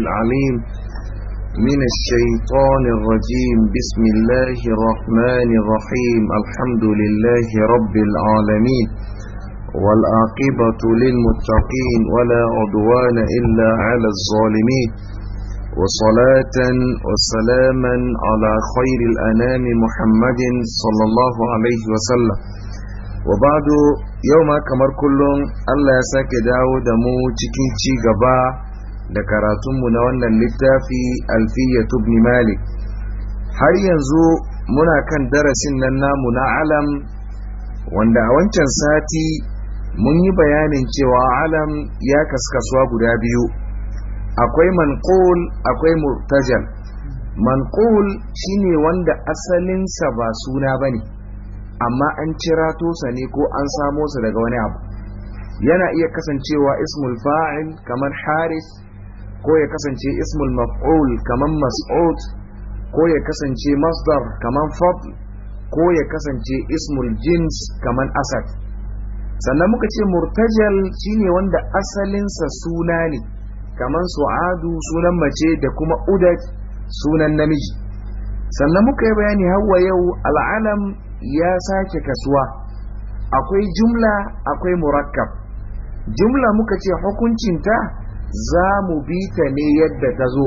العليم من الشيطان الرجيم بسم الله الرحمن الرحيم الحمد لله رب العالمين والعاقبة للمتقين ولا عدوان إلا على الظالمين وصلاة وسلاما على خير الأنام محمد صلى الله عليه وسلم وبعد يوم كمر كل الله ساك داود مو تكين da karatunmu na wannan littafi alfiya tubni malik har yanzu muna kan darasin nan namu na alam wanda a wancan sati mun yi bayanin cewa alam ya kaskasuwa guda biyu akwai manqul akwai murtajal manqul shine wanda asalinsa ba suna bane amma an cira tosa ne ko an samo sa daga wani abu yana iya kasancewa ismul fa'il kamar haris ko ya kasance ismul maf'ul kaman mas'ud ko ya kasance masdar kaman fadl ko ya kasance ismul jins kaman asad sannan muka ce murtajal shine wanda asalinsa suna ne kaman su'adu sunan mace da kuma udad sunan namiji sannan muka yi bayani hawa yau al'alam ya sake kasuwa akwai jumla akwai murakkab jumla muka ce hukuncinta za mu bi ta ne yadda ta zo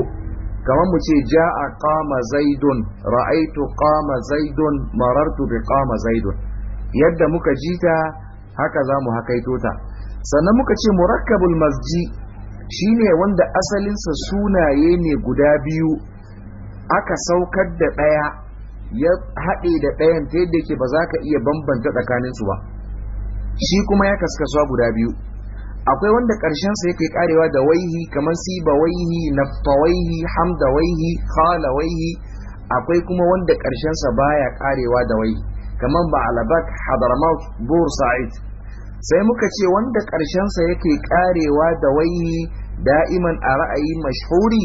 kamar mu ce ja a kama zaidun ra'aitu kama zaidun marartu bi kama zaidun yadda muka ji ta haka za mu hakaito ta sannan muka ce murakkabul masji shine wanda asalinsa sunaye ne guda biyu aka saukar da ɗaya ya haɗe da ɗayan ta yadda ke ba za ka iya bambanta tsakaninsu ba shi kuma ya kaskasa guda biyu akwai wanda ƙarshen sa yake karewa da waihi kamar siba waihi nafta waihi hamda waihi khala waihi akwai kuma wanda ƙarshen sa baya karewa da waihi kamar ba alabak hadramaut bur sa'id sai muka ce wanda ƙarshen sa yake karewa da waihi da'iman a ra'ayi mashhuri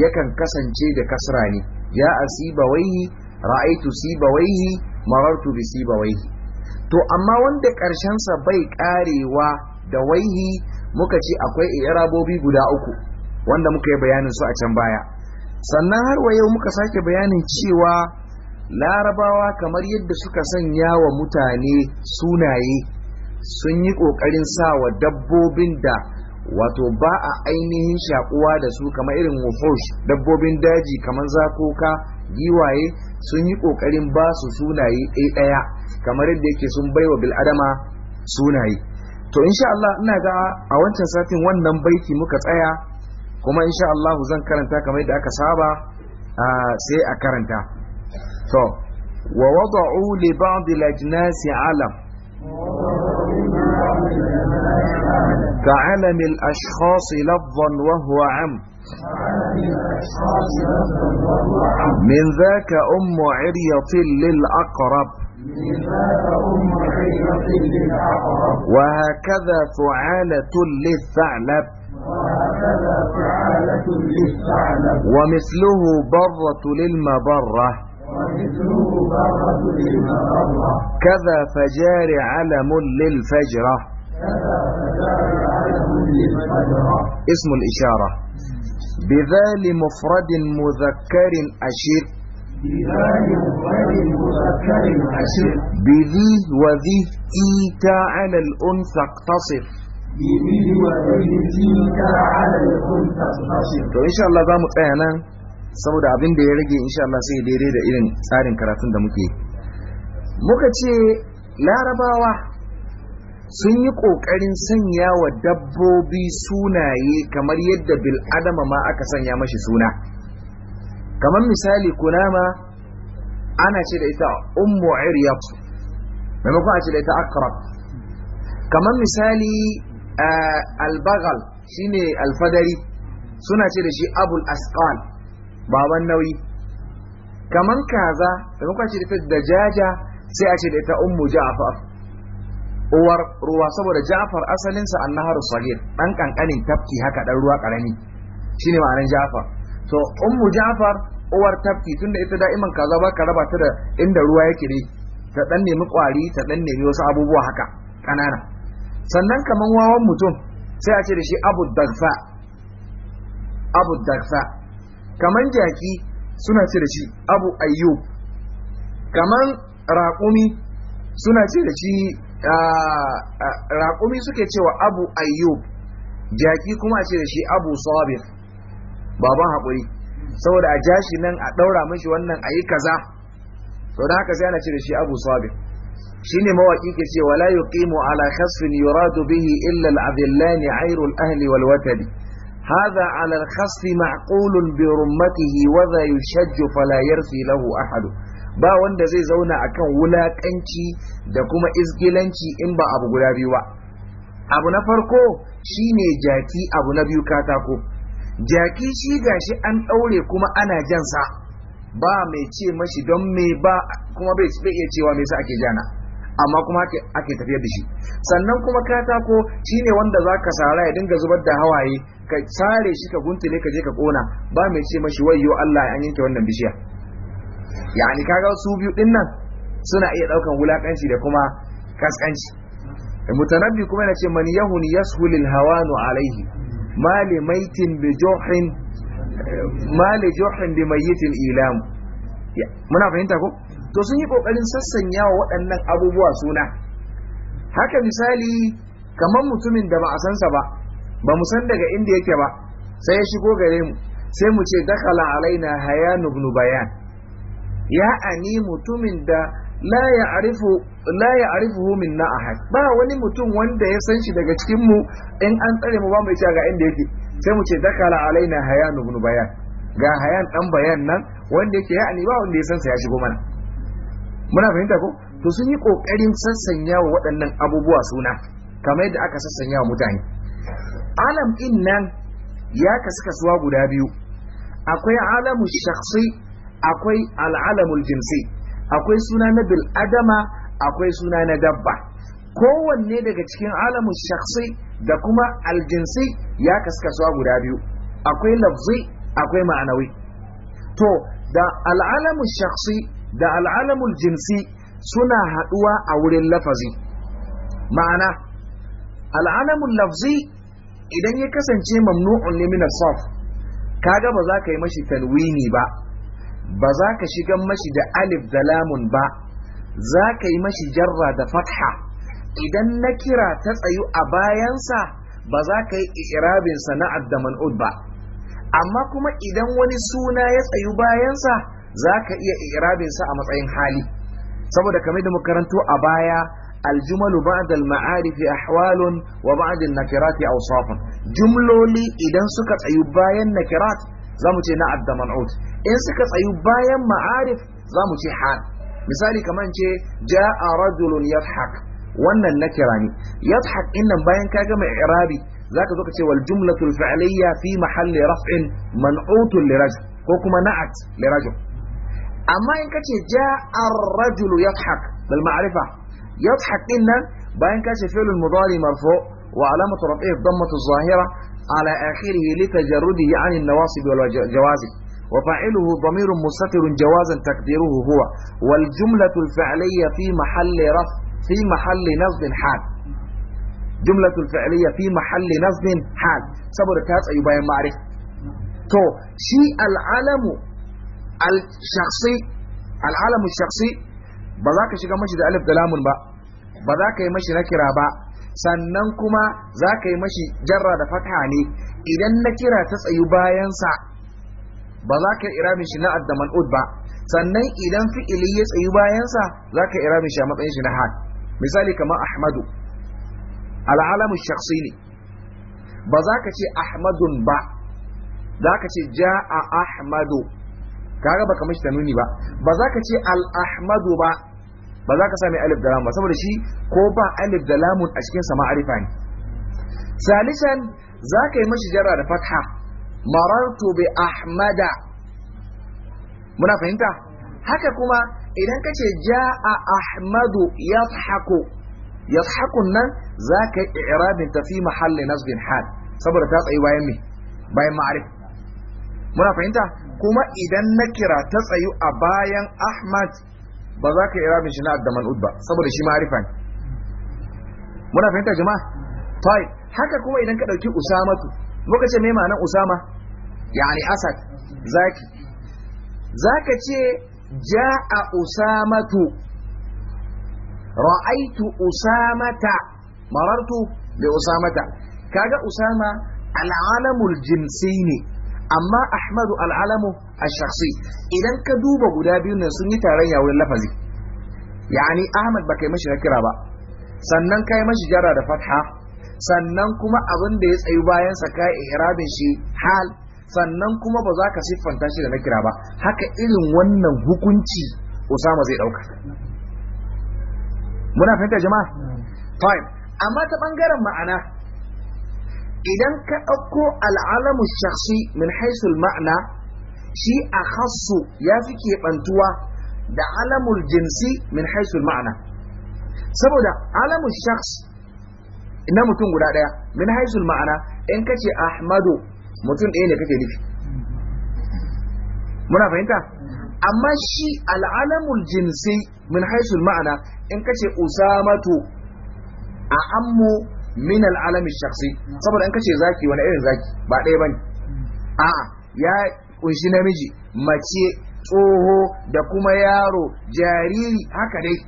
yakan kasance da kasra ne ya asiba waihi ra'aitu siba waihi marartu bi siba waihi to amma wanda ƙarshen sa bai karewa da waihi muka ce akwai irabobi guda uku wanda muka yi bayanin su a can baya sannan har wa yau muka sake bayanin cewa larabawa kamar yadda suka sanya wa mutane sunaye sun yi ƙoƙarin sa wa dabbobin da wato ba a ainihin shakuwa da su kamar irin wofos dabbobin daji kamar zakoka giwaye sun yi ƙoƙarin ba su sunaye ɗaya kamar yadda yake sun baiwa bil'adama sunaye to insha Allah ina ga a wancan satin wannan baiti muka tsaya kuma insha Allah zan karanta kamar yadda aka saba sai a karanta to wa wada'u li ba'd al-ajnas 'alam al-ashkhas lafzan wa huwa 'am من ذاك أم عريط للأقرب وهكذا فعالة للثعلب ومثله برة للمبرة كذا فجار علم للفجرة اسم الإشارة بذال مفرد مذكر أشير بذي وذي إيتا على الأنثى اقتصر to insha Allah za mu tsaya nan saboda abin da ya rage insha Allah sai daidai da irin tsarin karatun da muke muka ce larabawa sun yi ƙoƙarin sanya wa dabbobi sunaye kamar yadda bil'adama ma aka sanya mashi suna kamar misali kunama ana ce da ita ummu iryat maimakon a ce da ita akrab kamar misali eh, albagal shine alfadari suna ce da shi abul asqal baban nauyi kamar kaza maimakon a ce da ita dajaja sai a ce da ita ummu ja'far uwar ruwa saboda ja'far asalinsa annaharu sagir dan kankanin tafki haka dan ruwa karami shine ma'anar ja'far so ummu jafar uwar tafki tunda ita da'iman kaza ba ka raba ta da inda ruwa yake ne ta dan nemi kwari ta dan nemi wasu abubuwa haka kanana sannan kaman wawan mutum sai a ce da shi abu dagfa abu dagfa kaman jaki suna ce da shi abu ayyub kaman raƙumi suna ce da shi raƙumi suke cewa abu ayyub jaki kuma a ce da shi abu sabir baban haƙuri saboda a jashi nan a ɗaura mashi wannan a yi kaza to da haka sai ana cire da shi abu sabir shine mawaƙi ke cewa la yuqimu ala khasfin yuradu bihi illa al-adillan ayrul ahli wal watani هذا على الخصف معقول برمته وذا يشج فلا يرثي له ba wanda zai zauna akan wulakanci da kuma izgilanci in ba abu guda biyu ba abu na farko shine jaki abu na biyu katako jaki shi gashi an ɗaure kuma ana jansa ba mai ce mashi don me ba kuma bai iya cewa me yasa ake jana amma kuma ake tafiyar da shi sannan kuma katako shi ne wanda za ka sara ya dinga zubar da hawaye ka sare shi ka ne ka je ka kona ba mai ce mashi wayyo Allah ya yanke wannan bishiya yani kaga su biyu din nan suna iya daukan wulakanci da kuma kaskanci mutanabbi kuma yana ce man yahuni yashulil hawanu alaihi male maitin bi johin mali johin ilamu muna fahimta ko to sun yi kokarin sassanya wa waɗannan abubuwa suna haka misali kamar mutumin da ba a sansa ba ba mu san daga inda yake ba sai ya shigo gare mu sai mu ce dakala alaina hayanu bayan ya ani mutumin da la ya'rifuhu minna ahad ba wani mutum wanda ya san shi daga cikin mu in an tsare mu ba mu ga inda yake sai mu ce dakala alaina hayanu ibn bayan ga hayan dan bayan nan wanda yake ya'ani ba wanda ya san sa ya shigo mana muna fahimta ko to sun yi kokarin sassanya wa waɗannan abubuwa suna kamar yadda aka sassanya wa mutane alam din nan ya kasu kasuwa guda biyu akwai alamu shakhsi akwai al'alamul jinsi akwai suna na bil'adama, akwai suna na dabba kowanne daga cikin alamun shakhsi da kuma aljinsi ya kaskasuwa guda biyu akwai lafzi akwai ma'anawi to da al'alamun shakhsi da al'alamun jinsi suna haɗuwa a wurin lafazi ma'ana al'alamun lafzi idan ya kasance mamnu'un ne min kaga ba za ka yi mashi talwini ba ba za ka shiga mashi da alif da lamun ba za ka yi mashi jarra da fatha idan na kira ta tsayu a bayansa ba za ka yi irabin sana'ar da man'ud ba amma kuma idan wani suna ya tsayu bayansa za ka iya irabinsa a matsayin hali saboda kamar da makarantu a baya الجمل بعد المعارف أحوال وبعد النكرات أوصاف جملولي إذا سكت أيبايا النكرات za mu ce na da man'ut in suka tsayu bayan ma'arif za mu ce hal misali kamar ce ja'a rajulun yadhak wannan nakira ne yadhak din bayan ka gama i'rabi zaka zo ka ce wal jumlatul fi'liyya fi mahalli raf'in man'utun li rajul ko kuma na'at li rajul amma in ka ce ja'a rajulu yadhak bil ma'rifa yadhak din bayan ka ce fi'lul mudari marfu' وعلامة dan الضمة zahira. على آخره لتجرده عن النواصب والجوازب وفاعله ضمير مستتر جوازا تقديره هو والجملة الفعلية في محل رفع في محل نصب حال جملة الفعلية في محل نصب حال صبر كاس أيوبا معرفة تو شي العلم الشخصي العلم الشخصي بذاك شيء ماشي ده ألف دلام با بذاك ماشي نكرة با sannan kuma za ka yi mashi jarra da fata ne idan na kira ta tsayu bayansa ba za ka ira shi na da mal'ud ba sannan idan fi'ili ya tsayu bayansa za ka ira shi a matsayin shi na had misali kamar ahmadu al'alamu shaksi ne ba za ka ce ahmadun ba za ka ce ja a ahmadu Ka kaga baka ta nuni ba ba za ka ce al-ahmadu ba ba za ka sami alif da lamun ba saboda shi ko ba alif da lamun a cikin sama arifa ne salisan za ka yi mashi jarra da fatha marartu bi ahmada muna fahimta haka kuma idan ka ce ja'a ahmadu yadhaku yadhakun nan za ka yi i'rabin ta fi mahalli nasbin hal saboda ta tsayi bayan me bayan ma'arif muna fahimta kuma idan nakira ta tsayu a bayan ahmad ba za ka yi irabin shi na da man'ud ba saboda shi ma'arifa ne muna fahimta jama'a tai haka kuma idan ka dauki usamatu muka ce me ma'anar usama yani asad zaki zaka ce ja a usamatu ra'aitu usamata marartu da usamata kaga usama al'alamul jinsi ne amma ahmadu al'alamu a shakhsi idan ka duba guda biyun nan sun yi tarayya wurin lafazi yani ahmad ba kai mashi nakira ba sannan kai mashi jara da fatha sannan kuma abin da ya tsayu bayan sa kai i'rabin shi hal sannan kuma ba za ka siffanta shi da nakira ba haka irin wannan hukunci usama zai dauka muna fahimta jama'a hmm. fine amma ta bangaren ma'ana idan ka ɗauko al'alamu shakhsi min haisul ma'ana shi a hassu ya fi keɓantuwa da alamul jinsi min haisul ma'ana saboda alamu shakhs na mutum guda ɗaya min haisul ma'ana in ka ce ahmadu mutum ɗaya ne kake nufi muna fahimta amma shi al'alamul jinsi min haisul ma'ana in ka ce usamatu a ammu min al'alami shakhsi saboda in kace zaki wani irin zaki ba ɗaya bane a'a ya kunshi namiji mace tsoho da kuma yaro jariri haka dai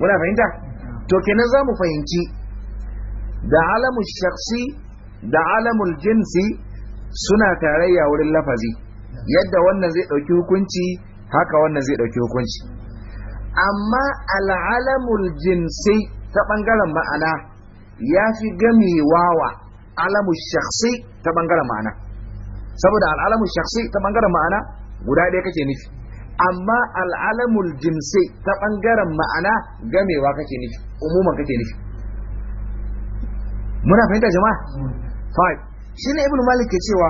muna fahimta to kenan za mu fahimci da alamun shaksi da alamun jinsi suna tarayya wurin lafazi yadda wannan zai ɗauki hukunci haka wannan zai ɗauki hukunci amma al'alamul jinsi ta ɓangaren ma'ana ya fi gamewa wa alamu shaksi ta ɓangaren ma'ana saboda al'alamu shaksi ta ɓangaren ma'ana guda ɗaya kake nufi amma al'alamun jinsi ta ɓangaren ma'ana gamewa kake nufi umuman kake nufi muna fahimta jama'a shi ne ibn malik ke cewa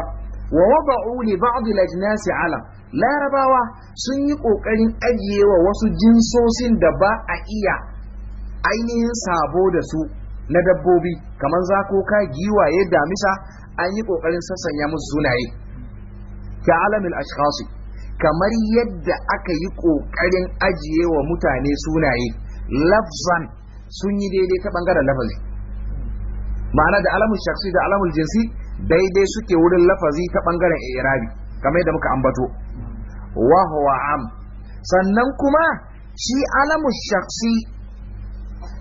wa wada'u li ba'd al-ajnas alam larabawa sun yi kokarin ajiyewa wasu jinsosin da ba a iya ainihin sabo da su na dabbobi kamar zakoka giwaye damisa an yi ƙoƙarin sassanya musu sunaye ta alamin ashkasi kamar yadda aka yi ƙoƙarin ajiye wa mutane sunaye lafzan sun yi daidai ta ɓangaren lafazi ma'ana da alamun shaksi da alamun jinsi daidai suke wurin lafazi ta bangaren irabi kamar yadda muka ambato wa am sannan kuma shi alamun shaksi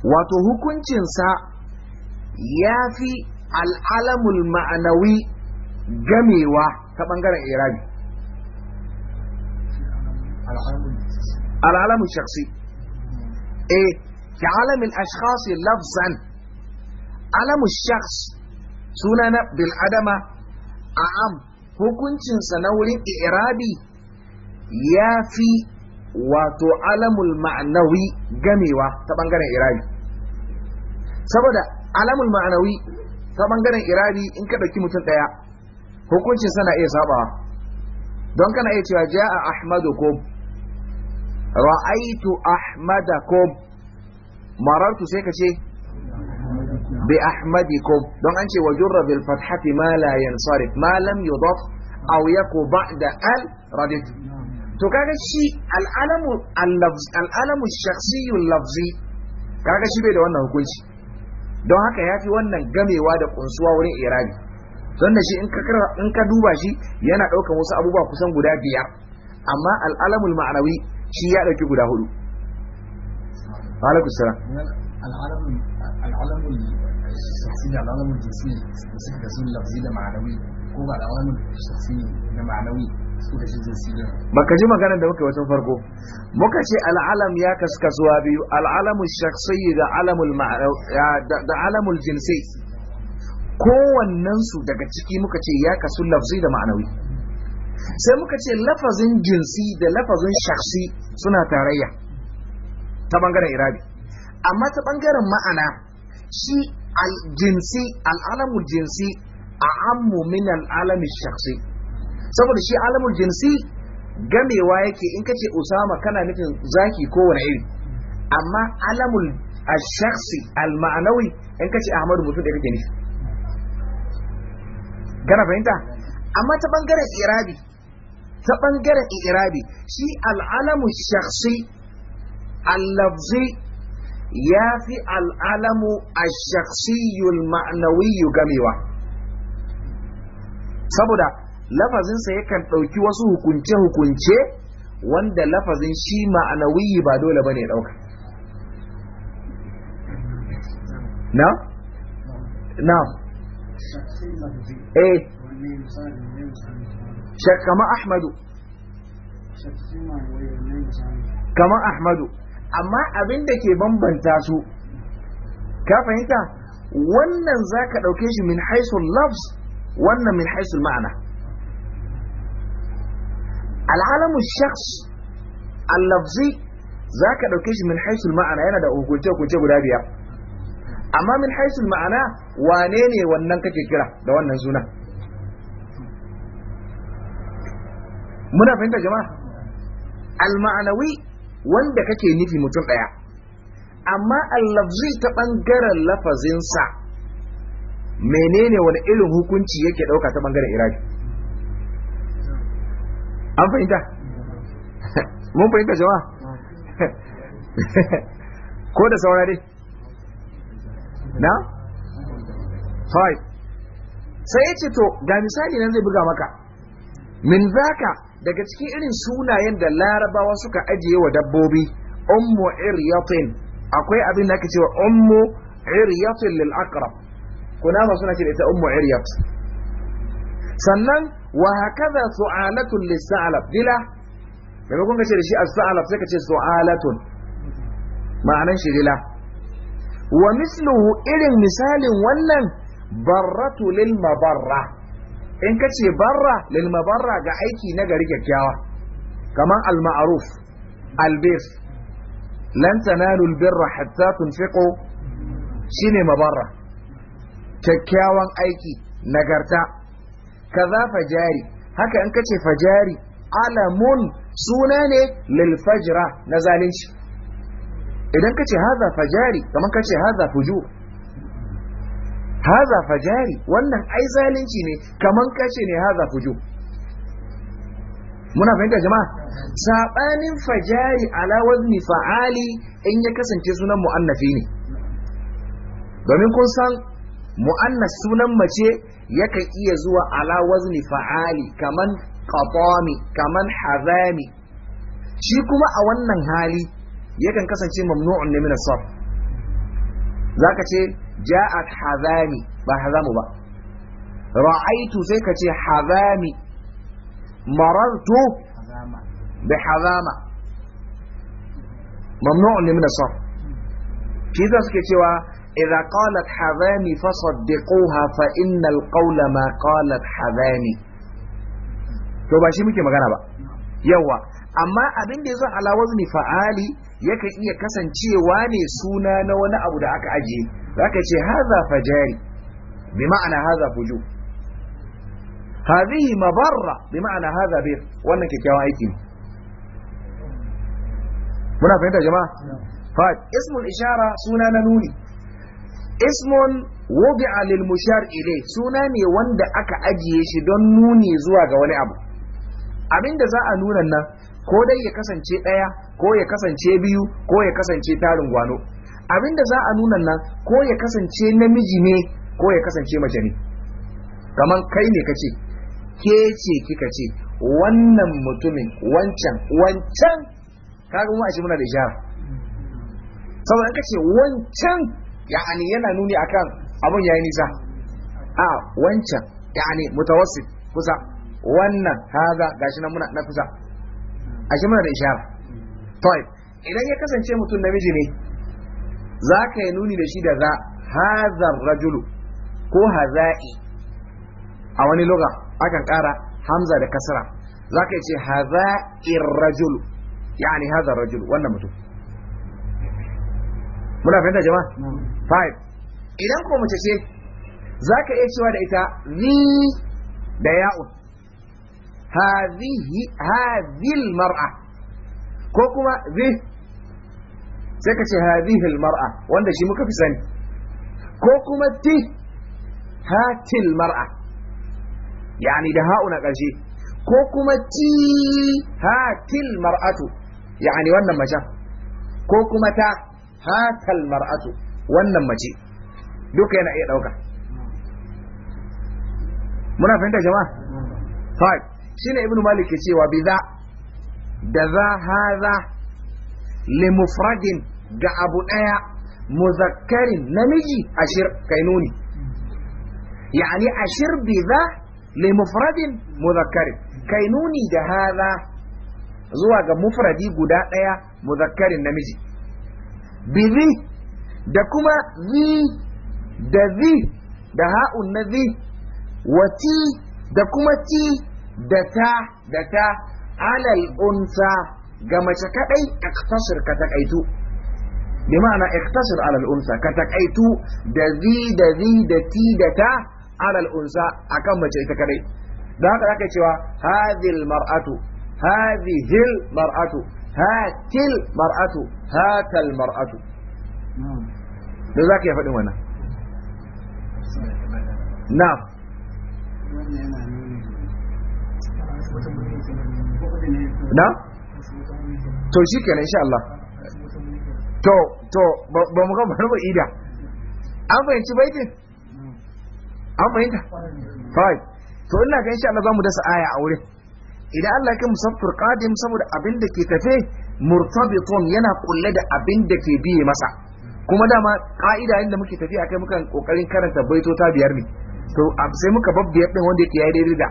wato hukuncinsa ya fi al'alamul ma'anawi gamewa ta ɓangaren irabi al'alamun shaksi e ki alamin ashkhasi lafzan alamun shaks suna na bil'adama a'am hukuncinsa na wurin irabi ya fi wato alamul ma'anawi gamewa ta bangaren irabi saboda alamul ma'anawi ta bangaren irabi in ka ɗauki mutum ɗaya hukuncin sana iya sabawa don kana iya cewa ja'a ahmadukum ra'aitu ahmadakum marartu sai ka ce bi ko don an ce wa jurra bil fathati ma la yansarif ma lam yudaf aw ba'da al radit to kaga shi al'alamu al'alamu shakhsiyun lafzi kaga shi bai da wannan hukunci don haka yafi wannan gamewa da kunsuwa wurin irabi don da shi in ka duba shi yana ɗaukan wasu abubuwa kusan guda biyar amma al'alamul ma'anawi shi ya ɗauki guda hudu alaikum salam al'alamu al'alamu da al'alamul jinsi da suke da sun lafzi da ma'anawi ko ba al'alamu shakhsi da ma'anawi baka ji maganar da muka wajen farko muka ce al'alam ya kasu biyu al'alamu shakhsiyyi da alamul da alamul jinsi kowannen su daga ciki muka ce ya kasu lafzi da ma'anawi sai muka ce lafazin jinsi da lafazin shakhsi suna tarayya ta bangaren irabi amma ta bangaren ma'ana shi al-jinsi al'alamul jinsi a'ammu min al'alamin shakhsi saboda shi alamul jinsi gamewa yake in kace usama kana nufin zaki kowane iri amma alamul ashaksi alma'anawi in kace ahmadu mutum da kake nufi gana fahimta amma ta bangaren irabi ta bangaren irabi shi al'alamu shaksi allafzi ya fi al'alamu ashaksiyul ma'anawi gamewa saboda lafazinsa yakan ɗauki wasu hukunce-hukunce wanda lafazin shi ma'anawiyi ba dole ba ne ɗauka na? na eh kamar ahmadu kama ahmadu amma abin da ke bambanta su ka fahimta wannan za ka ɗauke shi min haisul lafs wannan min haisul ma'ana al'alamu shakhs al za ka ɗauke shi min haisul ma'ana yana da hukunce hukunce guda biyar amma min haisul ma'ana wane ne wannan kake kira da wannan suna muna fahimta jama'a al-ma'anawi wanda kake nufi mutum daya amma al-lafzi ta bangaren lafazinsa menene wani irin hukunci yake dauka ta bangaren iraki an fahimta mun fahimta jawa ko da saura dai na Fai. sai ya ce to ga misali nan zai buga maka min zaka daga cikin irin sunayen da larabawa suka ajiye wa dabbobi ummu iryatin akwai abin da aka cewa ummu iryatin lil aqrab kuna ma suna ce da ita ummu iryat sannan wa hakaza su'alatun lis dila maimakon ka ce da shi a salab sai ka ce su'alatun ma'anan shi dila wa misluhu irin misalin wannan barratu lil mabarra in ka ce barra lil mabarra ga aiki na gari kyakkyawa kamar al ma'ruf al bir lan tanalu al birra hatta tunfiqu shine mabarra kyakkyawan aiki nagarta kaza fajari haka in kace fajari alamun suna ne lil na zalunci idan kace haza fajari kamar kace haza fujo haza fajari wannan ai zalunci ne kamar kace ne haza fujo muna fahimta jama'a sabanin fajari ala fa'ali in ya kasance sunan muannafi ne domin kun san mu'annas sunan mace yakan iya zuwa ala wazni fa'ali kaman qatami kaman hazami shi kuma a wannan hali yakan kasance mamnu'un ne min as-sarf zaka ce ja'at hazami ba hazamu ba ra'aitu sai ka ce hazami marartu bi hazama mamnu'un ne min as-sarf suke cewa إذا قالت حذاني فصدقوها فإن القول ما قالت حذاني to ba shi muke magana ba yawa amma abin da ya zo ala wazni fa'ali yakan iya kasancewa ne suna na wani abu da aka ajiye zaka ce haza fajari bi ma'ana haza fuju hadhihi mabarra bi ma'ana haza bir wannan kyakkyawan aiki muna fahimta jama'a fa ismul ishara suna na nuni ismun wogi alil mushar ilai suna ne wanda aka ajiye shi don nuni zuwa ga wani abu abinda za a nuna nan ko dai ya kasance ɗaya ko ya kasance biyu ko ya kasance tarin gwano abinda za a nuna nan ko ya kasance namiji ne ko ya kasance mace ne kamar kai ne kace ke ce kika ce wannan mutumin wancan wancan kaga mu a shi muna da ishara saboda kace wancan yani yana nuni akan abun yayi nisa a wancan yani mutawassit kusa wannan haza gashi nan muna na kusa a shi muna da ishara طيب idan ya kasance mutum namiji ne za ka yi nuni da shi da za hazar rajulu ko haza'i a wani loga akan kara hamza da kasra za ka ce haza'ir rajulu yani hazar rajulu wannan mutum muna fahimta jama'a 5 idan ko mace ce za ka iya cewa da ita zi da ya'un hazil mar'a ko kuma zi sai ka ce hazil mar'a wanda shi muka fi sani ko kuma ti hatil mar'a yani da ha'una ƙarshe ko kuma ti hatil mar'atu yani wannan macen ko kuma ta hatal mar'atu wannan mace duka yana iya ɗauka muna fahimta jama'a fa'id shine ibnu malik ke cewa bi za da za haza li mufradin ga abu daya muzakkarin namiji ashir kainuni yani ashir bi za li mufradin muzakkarin kainuni da haza zuwa ga mufradi guda daya muzakkarin namiji bi da kuma zi da zi da ha'un na zi wa ti da kuma ti da ta da ta alal unsa ga mace kadai iktasir ka takaitu bi ma'ana iktasir alal unsa ka takaitu da zi da zi da ti da ta alal unsa akan mace ita kadai da haka zaka cewa hadhil mar'atu hadhil mar'atu hatil mar'atu hatal mar'atu hmm. da za ka yi faɗin wannan na na to shi kenan insha Allah to to ba mu gama harba ida an fahimci baitin an fahimta fai to ina ga insha Allah za mu dasa aya a wurin idan Allah ya musaffir qadim saboda abin da ke tafe murtabitun yana kulle da abin da ke biye masa kuma dama ka'ida inda muke tafi kai muka kokarin karanta ta biyar ne to sai muka biyar din wanda yake yayi daidai da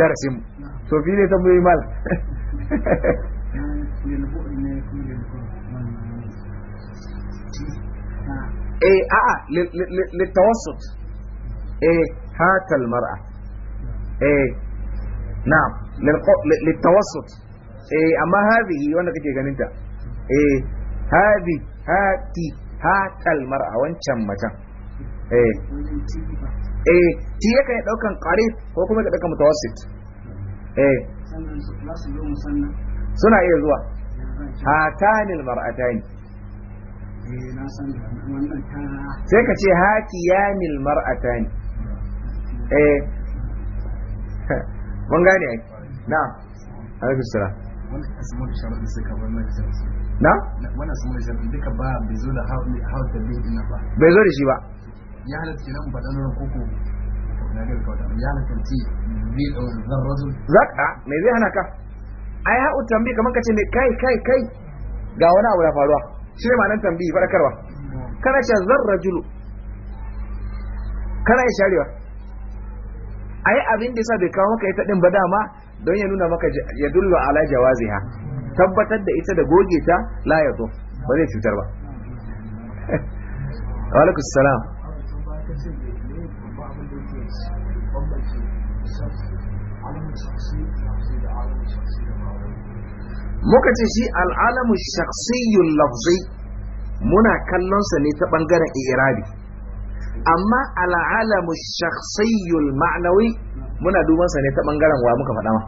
darasin mu to fi ne tambayoyi mal eh a'a litawassut eh hatal mar'a eh na'am litawassut eh amma hadhihi wanda kake ganin ta eh hadi hati haƙal mar'a wancan macen eh eh ti yake daukan qarib ko kuma ka daukan mutawassit eh suna iya zuwa hatanil mar'atani eh, sai ka ce hatiyanil mar'atani eh mun gane na alaikum salam na? wani asmul ba bai zo da na gari kawata ya halatta zai hana ka yi haɗu tambi kamar ka ce kai kai kai ga wani abu na faruwa shi ne tambi faɗakarwa mm. kana ce kana sharewa ai abin da yasa bai kawo maka ita din ba dama don ya nuna maka ya dullo ala jawaziha tabbatar da ita da goge ta la yazo ba zai cutar ba wa alaikum salam muka ce shi al'alamu shaksiyyun lafzai muna kallonsa ne ta ɓangaren irabi amma al'alamu shakhsiyul ma'nawi muna duban sa ne ta bangaren wa muka faɗa ma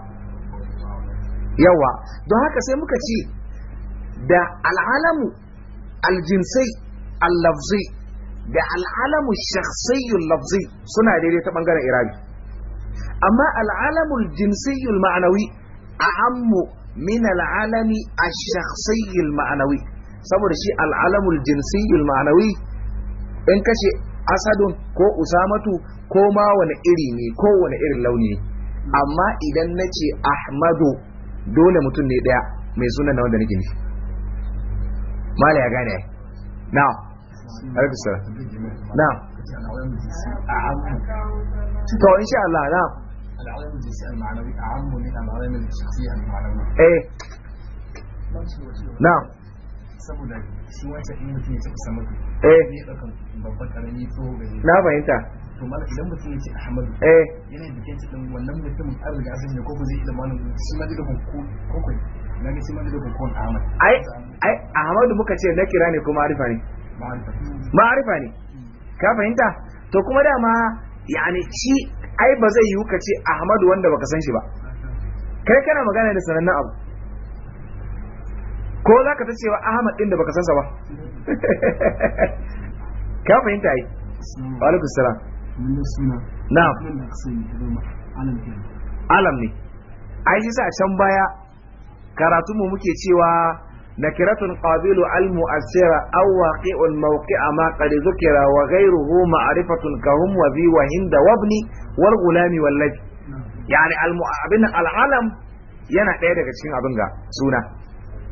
yawa don haka sai muka ce da al'alamu aljinsai allafzi da al'alamu shakhsiyul lafzai suna daidai ta bangaren irabi amma al'alamu aljinsiyul ma'nawi a'ammu min al'alami a shakhsiyul ma'nawi saboda shi al'alamul jinsiyul ma'nawi in kashe. asadun ko usamatu ko ma wani iri ne ko wani irin launi amma idan na ce ahmadu dole mutum ne daya mai sunan na wanda nake nufi mala ya gane na alaikusar na to insha Allah na Eh na saboda shi wancan in mutum ya ci kusa mutu eh ne ɗaukan babban karami tsoho gare na fahimta to mana idan mutum ya ci ahmadu eh yana da kyanci din wannan mutum an riga sun ne ko ku zai ilma nan shi ma da ko ko ko na ga shi ma da ko ahmad ai ai ahmadu muka ce na kira ne ko ma'arifa ne ma'arifa ne ka fahimta to kuma dama yani shi ai ba zai yiwu ka ce ahmadu wanda baka san shi ba kai kana magana da sanannen abu ko za ka ta cewa ahmad din da baka sansa ba ka fahimta yi walikus salam na alam ne ai shi sa a can baya karatun mu muke cewa na kiratun qabilu almu asira aw waqi'un mawqi'a ma qad zukira wa ghayruhu ma'rifatun kahum wa bi wa hinda wa ibni wal gulami wal yani al alalam yana daya daga cikin abin ga suna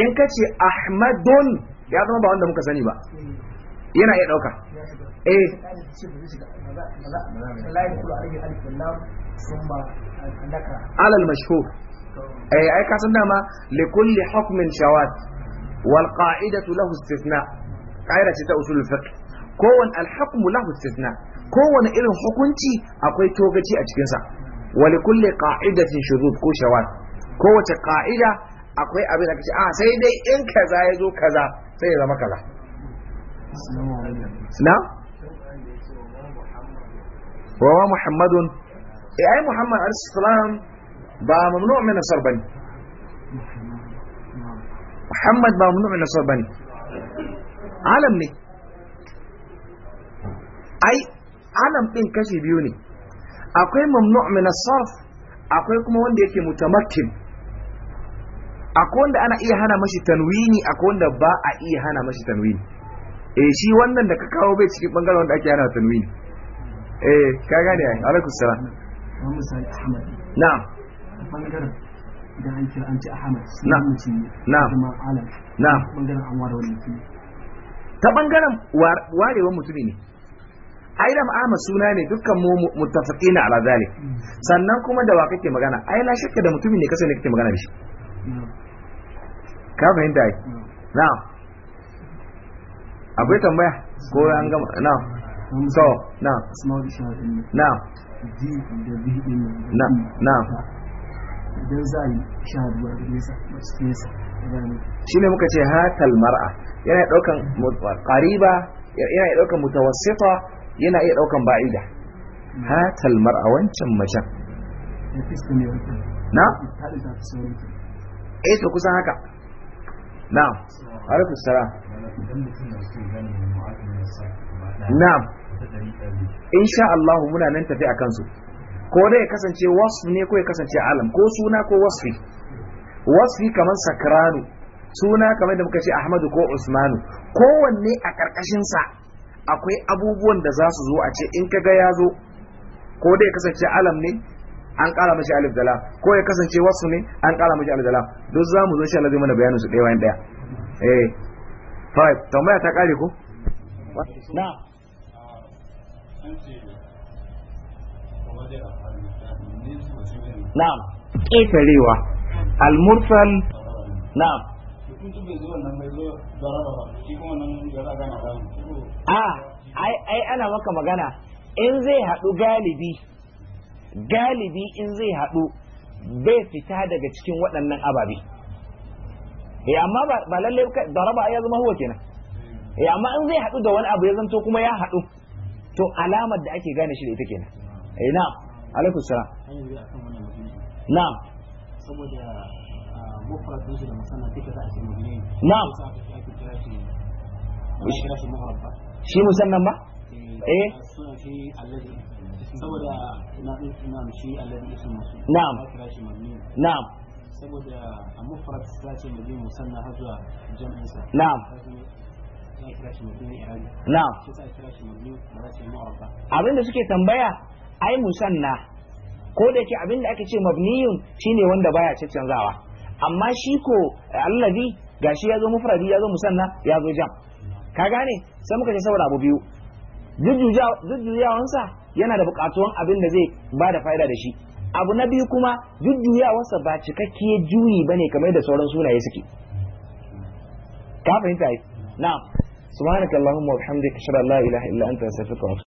in ka ce ahmadun ya zama ba wanda muka sani ba yana iya ɗauka eh alal mashhur eh ai ka san dama li kulli hukmin shawad wal qa'idatu lahu istithna qaida ce ta usul fiqh kowan al hukmu lahu istithna kowane irin hukunci akwai togaci a cikinsa wali kulle ka'idatin shuzud ko shawat. kowace ka'ida akwai abin da kace a ah, sai dai in kaza yazo kaza sai ya zama kaza na wa muhammadun eh ai muhammad alaihi salam ba mamnu min nasar bani muhammad ba mamnu min nasar bani alam ne ai alam din kashi biyu ne akwai mamnu min nasar akwai kuma wanda yake mutamakkin akwai wanda ana iya hana mashi tanwini akwai wanda ba a iya hana mashi tanwini E, shi wannan da ka kawo bai cikin bangaren wanda ake hana tanwini e ka gane ai alaikum salam na'am bangaren da an kira an ci ahmad na'am na'am na, bangaren an ware wannan ta bangaren warewa mutune ne ailam ama suna ne dukkan mu na, ala zalik mm. sannan kuma da wa kake magana ai na, shakka da mutumin ne kasa ne kake magana da shi ka fahimta na mm. na'am akwai tambaya ko an gama na'am so na'am na'am na'am mm. shi ne muka ce hatal mar'a yana daukan qariba yana daukan mutawassita yana iya daukan ba'ida mm. hatal mar'a wancan macen na eh to kusan haka na'am alaikum salam na'am insha Allah muna nan tafi a kansu ko dai ya kasance wasf ne ko ya kasance alam ko suna ko wasfi wasfi kamar sakranu suna kamar da muka ce Ahmadu ko Usmanu kowanne a karkashin sa akwai abubuwan da za su zo a ce in kaga ya zo ko dai kasance alam ne an ƙara mashi alif da lam ko ya kasance wasu ne an ƙara mashi alif da lam duk za mu zo shi Allah zai mana bayanin su ɗaya ɗaya eh five tambaya ta ƙare ko na na'am ƙetarewa al-mursal na'am a ah, ai ana maka magana in zai haɗu galibi galibi in zai haɗu bai fita daga cikin waɗannan ababe eh amma ba lalle daraba ya zama huwa kenan eh amma in zai haɗu da wani abu ya zanto kuma ya haɗu to alamar da ake gane shi da ita kenan eh na'am alaikum salam na'am saboda ah, mufrad din shi da musanna za a ce shi musannan ba eh saboda na na shi alladhi ismu na'am na'am saboda a mufrad sace mai musanna har zuwa jam'in sa na'am na'am abin da suke tambaya ai musanna ko da ke abin da ake ce mabniyun shine wanda baya canzawa amma shi ko allazi gashi ya zo mufradi ya zo musanna ya zo jam ka gane sai muka ce saboda abu biyu jujjuyawansa yana da buƙatuwan abin da zai ba da fa'ida da shi abu na biyu kuma jujjuyawarsa ba cikakke juyi bane kamar da sauran sunaye suke ka fahimta na'am allahumma wa bihamdika ashhadu an la ilaha illa anta astaghfiruka wa